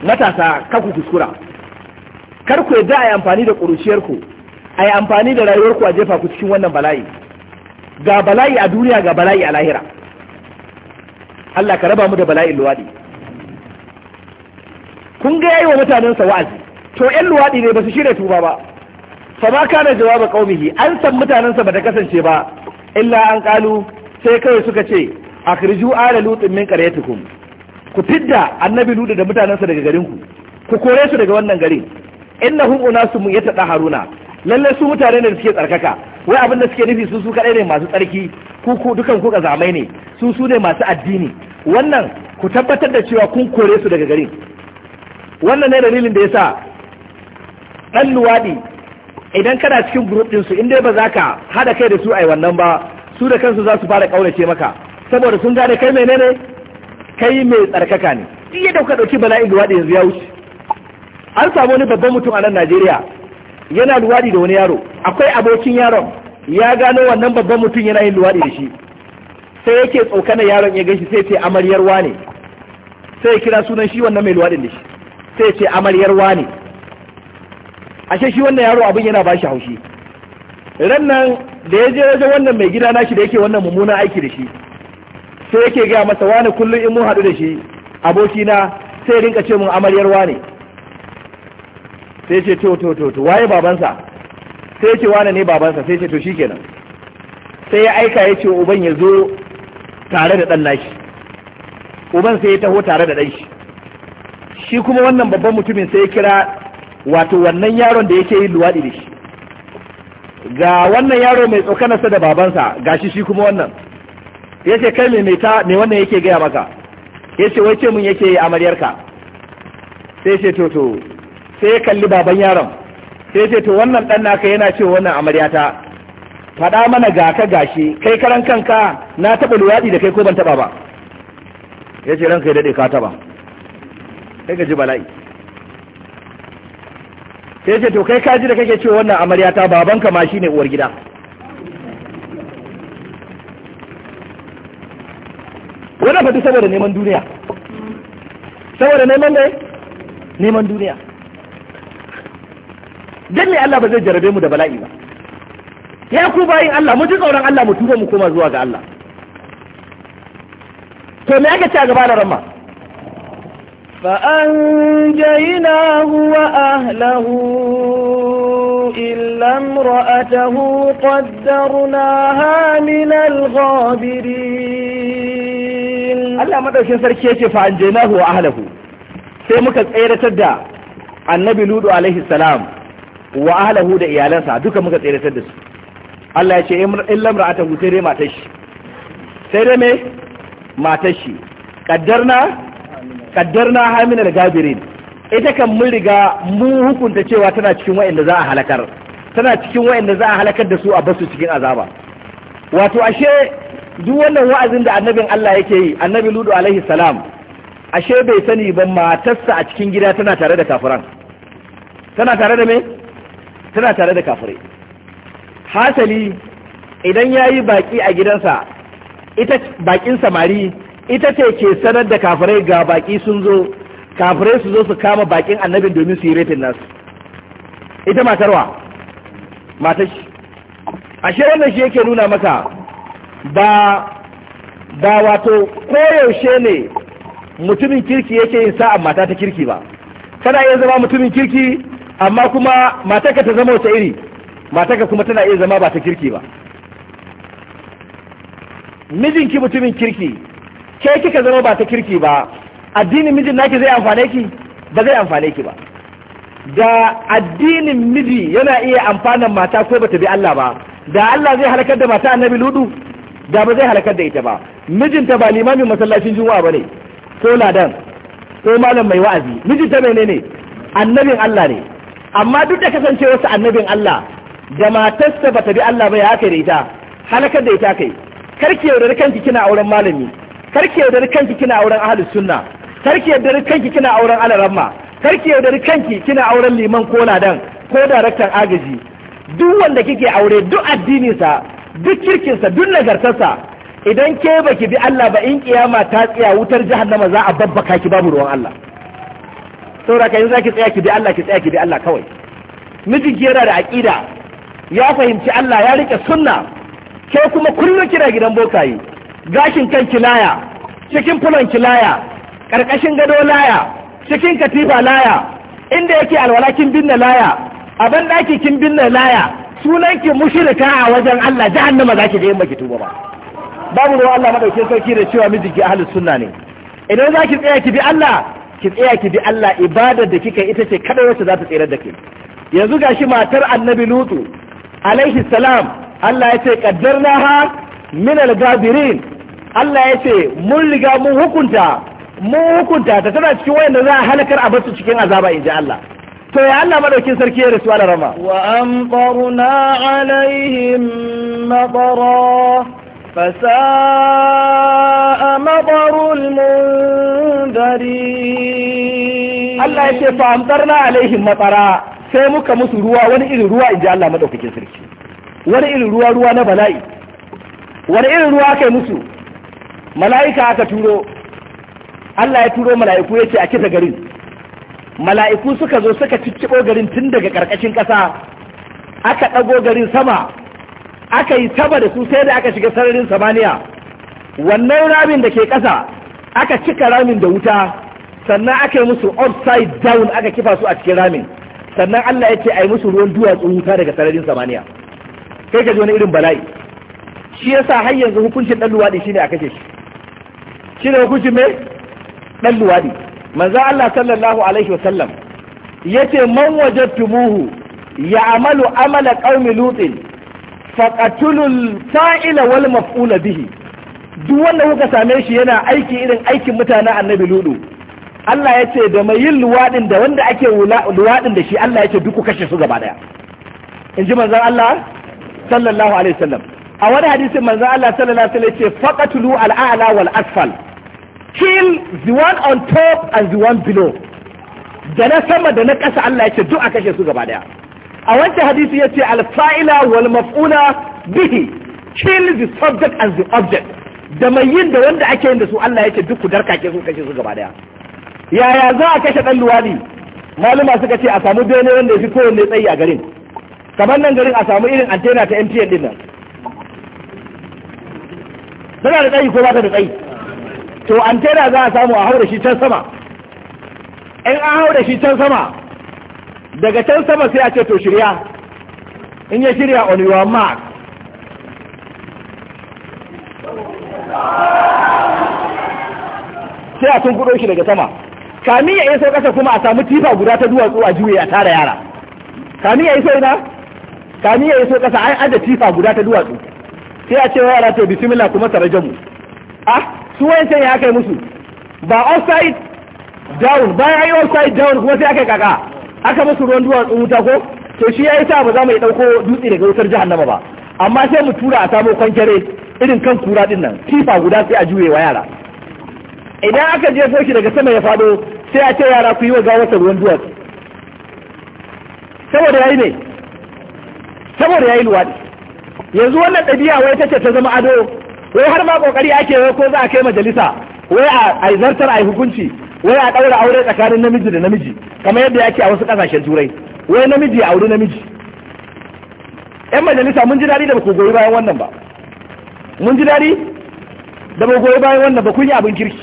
matasa kaku kuskura kar ku yadda a yi amfani da ƙuruciyarku a yi amfani da rayuwarku a jefa ku cikin wannan bala'i ga bala'i a duniya ga bala'i a lahira Allah ka raba mu da bala'in luwaɗi kun ga ya yi wa mutanensa wa'azi to ƴan luwaɗi ne ba su shirya tuba ba fa ma kana jawaba qaumihi an san mutanensa ba ta kasance ba illa an qalu sai kawai suka ce akhriju ala lutin min qaryatikum ku fidda annabi lutu da mutanensa daga garin ku ku kore su daga wannan garin innahum unasum yatadaharuna lalle su mutane ne da suke tsarkaka wai abin da suke nufi su su kadai ne masu tsarki ku dukan ku kazamai ne su su ne masu addini wannan ku tabbatar da cewa kun kore su daga garin wannan ne dalilin da ya sa dan luwadi idan kana cikin group din su inda ba za ka hada kai da su ai wannan ba su da kansu za su fara kaurace maka saboda sun gane kai menene kai mai tsarkaka ne iya ya dauka dauki bala'i luwadi yanzu ya wuce an samu wani babban mutum a nan Najeriya yana luwadi da wani yaro akwai abokin yaron ya gano wannan babban mutum yana yin luwaɗi da shi sai yake tsokanar yaron ya gashi sai ce amaryarwa ne sai ya kira sunan shi wannan mai luwaɗin da shi sai ce amaryarwa ne ashe shi wannan yaro abin yana bashi haushi ran nan da ya je wajen wannan mai gida nashi da yake wannan mummunan aiki da shi sai yake gaya masa wani kullum in mun haɗu da shi abokina sai rinka ce mun amaryarwa ne sai ce to to to to waye babansa sai ce wane ne babansa sai ce to shi kenan sai ya aika ya ce uban ya zo tare da ɗan nashi uban sai ya taho tare da ɗan shi shi kuma wannan babban mutumin sai ya kira wato wannan yaron da yake yin luwaɗi da shi ga wannan yaro mai tsokanarsa da babansa ga shi shi kuma wannan ya ce kai mai ta mai wannan yake gaya maka ya ce wai ce mun yake amaryarka sai ce to to sai ya kalli baban yaron sai ce to wannan dan naka yana ce wannan amaryata faɗa mana ga ka gashi kai karan kanka na taɓa luwaɗi da kai ko ban taɓa ba ya ce ranka ya daɗe ka taɓa kai ka ji bala'i sai ce to kai kaji da kake ce wannan amaryata babanka ma shine uwar gida wannan fadi saboda neman duniya saboda neman ne neman duniya dan me Allah ba zai jarabe mu da bala'i ba ya ku bayin Allah mu ji tsoron Allah mu tuba mu koma zuwa ga Allah to me yake ta gaba da ramma fa anjayna huwa ahlahu illa imra'atahu qaddarnaha min al-ghabirin Allah madaukin sarki yake fa anjayna huwa ahlahu sai muka tsayar da annabi ludu alaihi salam wa ahlahu da iyalansa duka muka tseratar da su Allah ya ce in lamra'ata hu sai dai matar shi sai dai me matar shi kaddarna kaddarna hamina da gabirin ita kan mun riga mu hukunta cewa tana cikin wa'anda za a halakar tana cikin wa'anda za a halakar da su a basu cikin azaba wato ashe duk wannan wa'azin da annabin Allah yake yi annabi ludu alaihi salam ashe bai sani ba matarsa a cikin gida tana tare da kafiran tana tare da me tana tare da kafirai hasali idan ya yi baƙi a gidansa ita baƙin samari ita ce ke sanar da kafirai ga baƙi sun zo kafirai su zo su kama baƙin annabin domin su yi retin nasu ita matarwa matar shi ashe wannan shi yake nuna maka ba ba wato koyaushe ne mutumin kirki yake yin sa'an mata ta kirki ba kada iya zama mutumin kirki amma kuma mataka ta zama wata iri mataka kuma tana iya zama ba ta kirki ba mijinki mutumin kirki ke kika zama ba ta kirki ba addinin mijin naki zai amfane ki ba zai amfane ki ba da addinin miji yana iya amfanan mata ko bata bi Allah ba da Allah zai halakar da mata annabi ludu da ba zai halakar da ita ba mijinta ba limamin masallacin juma'a bane ko ladan ko malam mai wa'azi mijinta menene annabin Allah ne amma duk da kasance wasu annabin Allah da matarsa bata bi Allah ba ya haka da ita halakar da ita kai karki yaudar kanki kina auren malami karki yaudar kanki kina auren ahlus sunna karki yaudar kanki kina auren alaramma karki yaudar kanki kina auren liman ko ladan ko daraktan agaji duk wanda kike aure duk addininsa duk kirkinsa duk nagartarsa idan ke baki bi Allah ba in kiyama ta tsaya wutar jahannama za a babbaka ki babu ruwan Allah saboda ka za zaki tsaya ki bi Allah ki tsaya ki bi Allah kawai mijinki yana da aqida ya fahimci Allah ya rike sunna ke kuma kullum kira gidan bokaye gashin kan kilaya cikin fulon kilaya ƙarƙashin gado laya cikin katifa laya inda yake alwalakin kin binne laya abin daki kin binne laya sunan ki mushrika a wajen Allah jahannama zaki ga in baki tuba ba babu ruwa Allah madaukin sarki da cewa mijinki ahlus sunna ne idan zaki tsaya ki bi Allah ki tsaya ki bi Allah ibadar da kika ita ce kada wacce za ta tsere da ke yanzu gashi matar annabi lutu alaihi salam Allah ya ce na min al-gabirin Allah ya ce mun riga mun hukunta mun hukunta ta tana cikin wayanda za a halakar a basu cikin azaba inji Allah to ya Allah madaukin sarki ya rasu rama wa amqarna alaihim matara فساء مضر المنذرين الله يكي فأمضرنا عليهم مطرا sai muka musu ruwa wani irin ruwa in ji Allah maɗaukakin sarki wani irin ruwa ruwa na bala'i wani irin ruwa aka yi musu mala'ika aka turo Allah ya turo mala'iku ya ce a kisa garin mala'iku suka zo suka cicciɓo garin tun daga ƙarƙashin ƙasa aka ɗago garin sama aka yi taba da su sai da aka shiga sararin samaniya wannan ramin da ke ƙasa aka cika ramin da wuta sannan aka yi musu upside down aka kifa su a cikin ramin sannan Allah ya ce a yi musu ruwan duwatsun wuta daga sararin samaniya kai ka ji wani irin bala'i shi ya sa har yanzu hukuncin luwaɗi shi shine a kashe shi shine hukuncin me Ɗan luwaɗi. manzo Allah sallallahu alaihi wasallam ce man ya amalu amala qaumi Lutsin. faqatulul fa'ila wal maf'ula bihi duk wanda kuka same shi yana aiki irin aikin mutane annabi ludu Allah ya ce da mai yin luwaɗin da wanda ake luwaɗin da shi Allah ya ce duk kashe su gaba daya in ji manzan Allah sallallahu alaihi wasallam a wani hadisin manzan Allah sallallahu alaihi wasallam ya ce faqatulu al'ala wal asfal kill the one on top and the one below da na sama da na ƙasa Allah ya ce duk a kashe su gaba ɗaya. a wancan hadisi ya ce alfa'ila wal maf'ula bihi kill the subject and the object da mai yin da wanda ake yin da su Allah yake duk ku ke su kashe su gaba daya yaya za a kashe dan luwadi maluma suka ce a samu bene wanda ya fi kowanne tsayi a garin kamar nan garin a samu irin antena ta MTN din nan tana da tsayi ko ba ta da tsayi to antena za a samu a haura shi can sama in an haura shi can sama daga can sama sai a ce to shirya in ya shirya on your mark sai a tunkuɗo shi daga sama Kami ya sau ƙasa kuma a samu tifa guda ta duwatsu a juye a tara yara Kami ya iso ina Kami ya sau ƙasa an adda tifa guda ta duwatsu sai a ce wa yara to bisimila kuma sarajamu ah su sai ya kai musu ba offside down bayan yi offside down kuma sai kai kaka aka musu ruwan duwatsu wuta ko to shi ya yi sa ba za mu yi ɗauko dutse daga wutar nama ba amma sai mu tura a samo kwankere irin kan kura din nan kifa guda sai a juye wa yara idan aka je shi daga sama ya fado sai a ce yara ku yi wa gawarsa ruwan duwatsu saboda yayi ne saboda yayi luwaɗi yanzu wannan ɗabi'a wai ta ce ta zama ado wai har ma kokari ake wai ko za a kai majalisa wai a zartar a hukunci wai a ɗaura aure tsakanin namiji da namiji kamar yadda ya ce a wasu ƙasashen turai wai namiji ya auri namiji yan majalisa mun ji daɗi da ba ku goyi bayan wannan ba mun ji daɗi da ba goyi bayan wannan ba kun yi abin kirki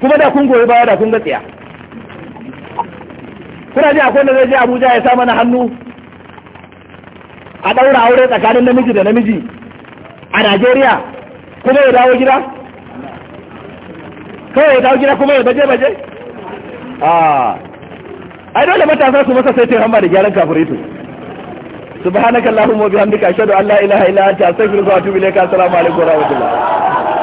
kuma da kun goyi baya da kun ga tsiya. kuna ji akwai da zai je abuja ya sa mana hannu a ɗaura aure tsakanin namiji da namiji a najeriya kuma ya dawo gida kawai ya dawo gida kuma ya baje baje a ai dole matasa su masa sai hamba da gyaran kafirito subhanakallahumma wa bihamdika ashhadu an la ilaha illa anta astaghfiruka wa atubu ilayka assalamu alaikum wa rahmatullah